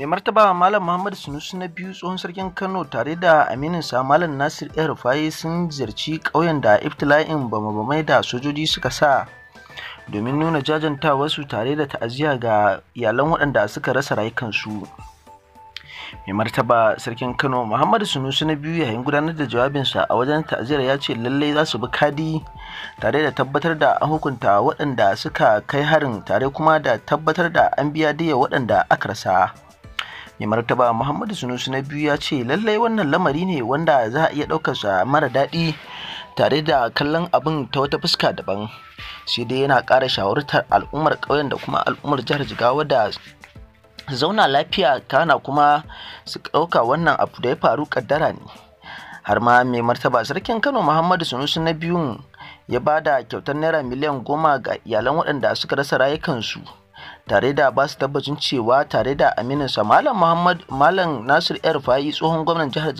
mai martaba malam muhammad sunusu na biyu tsohon sarkin kano tare da sa malam nasir rufai sun ziyarci ƙauyen da iftila'in bama-bamai da sojoji suka sa domin nuna wasu tare da ta'aziyya ga iyalan waɗanda suka rasa rayukansu mai martaba sarkin kano muhammadu sunusu na biyu yayin gudanar da jawabinsa a wajen ta'aziyar ya ce lallai za su bi kadi tare da tabbatar da an hukunta waɗanda suka kai harin tare kuma da tabbatar da an biya diya waɗanda aka rasa mai martaba muhammadu sunusu na biyu ya ce lallai wannan lamari ne wanda za a iya ɗaukarsa mara daɗi tare da kallon abin ta wata fuska daban sai dai yana ƙara shawartar al'ummar ƙauyen da kuma al'ummar jihar jigawa da zauna lafiya kana kuma su ɗauka wannan abu da ya faru kaddara ne har ma mai martaba sarkin kano muhammadu sunusu na biyu ya ba da kyautar naira miliyan goma ga iyalan waɗanda suka rasa rayukansu tare da ba su tabbacin cewa tare da aminansa malam muhammad malam nasir yar fayi tsohon gwamnan jihar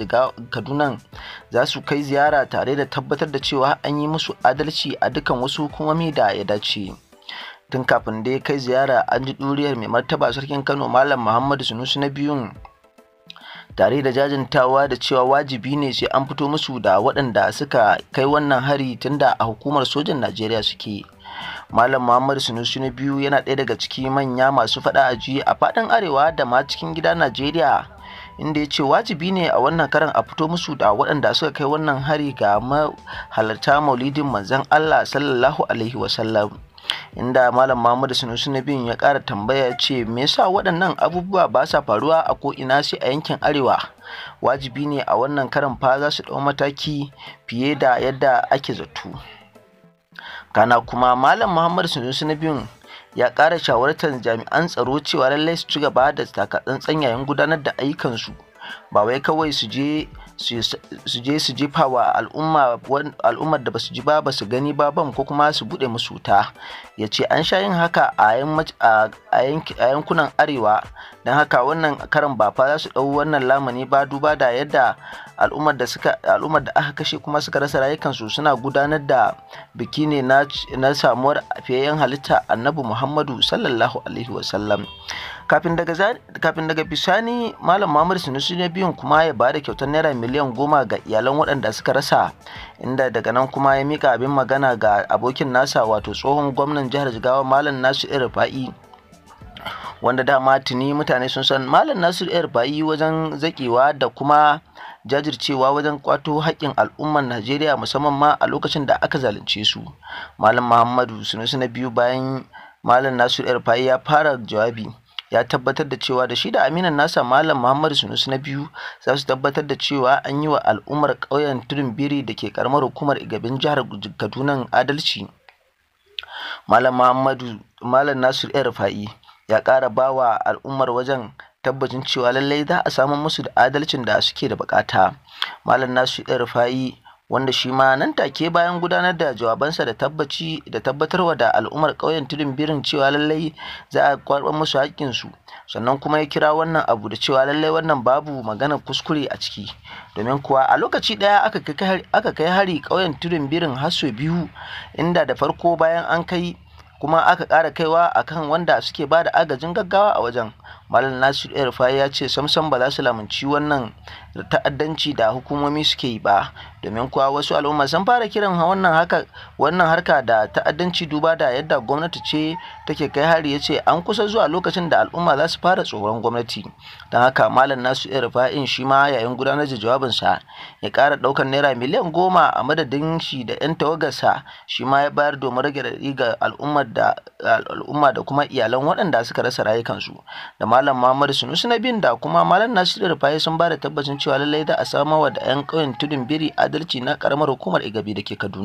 kaduna za su kai ziyara tare da tabbatar da cewa an yi musu adalci a dukkan wasu hukumomi da ya dace tun kafin da ya kai ziyara an ji ɗuriyar mai martaba sarkin kano malam muhammadu sunusu na biyun tare da jajintawa da cewa wajibi ne sai an fito musu da waɗanda suka kai wannan hari tunda a hukumar sojan najeriya suke Malam Muhammad Sunusi na biyu yana ɗaya daga ciki manya masu faɗa a ji a faɗin Arewa da ma cikin gida Najeriya. Inda ya ce wajibi ne a wannan karan a fito musu da waɗanda suka kai wannan hari ga mahalarta maulidin manzon Allah sallallahu alaihi wasallam. inda malam Muhammad Sanusi na biyun ya ƙara tambaya ce me yasa waɗannan abubuwa ba sa faruwa a ko ina sai a yankin arewa wajibi ne a wannan karan fa za su ɗau mataki fiye da yadda ake zato. kana kuma malam muhammad sunusu na biyun ya ƙara shawartar jami'an tsaro cewa lallai su ci gaba da takatsantsan yayin gudanar da ayyukansu ba wai kawai su je su je su jefa wa al'ummar da ba su ji ba ba su gani ba ba ko kuma su bude musu wuta ya ce an sha yin haka a yankunan arewa don haka wannan karan bafa za su ɗau wannan lamani ba duba da yadda al'ummar da aka kashe kuma suka rasa rayukansu suna gudanar da biki ne na samuwar fiyayen halitta annabi muhammadu sallallahu alaihi wasallam kafin daga bisani malam mamur sinusu ne biyun kuma ya bada kyautar naira miliyan miliyan goma ga iyalan waɗanda suka rasa inda daga nan kuma ya mika abin magana ga abokin nasa wato tsohon gwamnan jihar jigawa malam nasu irfa'i wanda dama tuni mutane sun san malam nasu irfa'i wajen zakewa da kuma jajircewa wajen kwato haƙƙin al'ummar najeriya musamman ma a lokacin da aka zalunce su malam muhammadu sunusu na biyu bayan malam nasu irfa'i ya fara jawabi ya tabbatar da cewa da shi da aminan nasa malam muhammadu sunusu na biyu za su tabbatar da cewa an yi wa al'ummar ƙauyen tudun biri da ke karamar hukumar igabin jihar kaduna adalci malam muhammadu malam nasir yan rufa'i ya ƙara ba wa al'ummar wajen tabbacin cewa lallai za a samu musu da adalcin da suke da bukata malam nasir yan rufa'i wanda shi ma nan take bayan gudanar da jawabansa da tabbaci da tabbatarwa da al'ummar ƙauyen tudun birin cewa lallai za a kwarɓar musu haƙƙinsu sannan kuma ya kira wannan abu da cewa lallai wannan babu magana kuskure a ciki domin kuwa a lokaci ɗaya aka kai hari ƙauyen tudun birin haso biyu inda da farko bayan an kai kuma aka ƙara kaiwa akan wanda suke ba da agajin gaggawa a wajen malam nasu erfa ya ce samsam ba za su lamunci wannan ta'addanci da hukumomi suke yi ba domin kuwa wasu al'umma sun fara kiran wannan harka da ta'addanci duba da yadda gwamnati ce take kai hari ya ce an kusa zuwa lokacin da al'umma za su fara tsoron gwamnati don haka malam nasu irfa'in shi ma yayin gudanar da jawabinsa ya kara ɗaukar naira miliyan goma a madadin shi da 'yan tawagarsa shi ma ya bayar domin rage raɗi ga al'umma da kuma iyalan waɗanda suka rasa rayukansu da Malam Muhammadu Sunusi na bin da kuma Malam Nasiru Rufai sun ba da tabbacin cewa lallai da a samawa da 'yan ƙauyen Tudun Biri adalci na ƙaramar hukumar Igabi da ke Kaduna.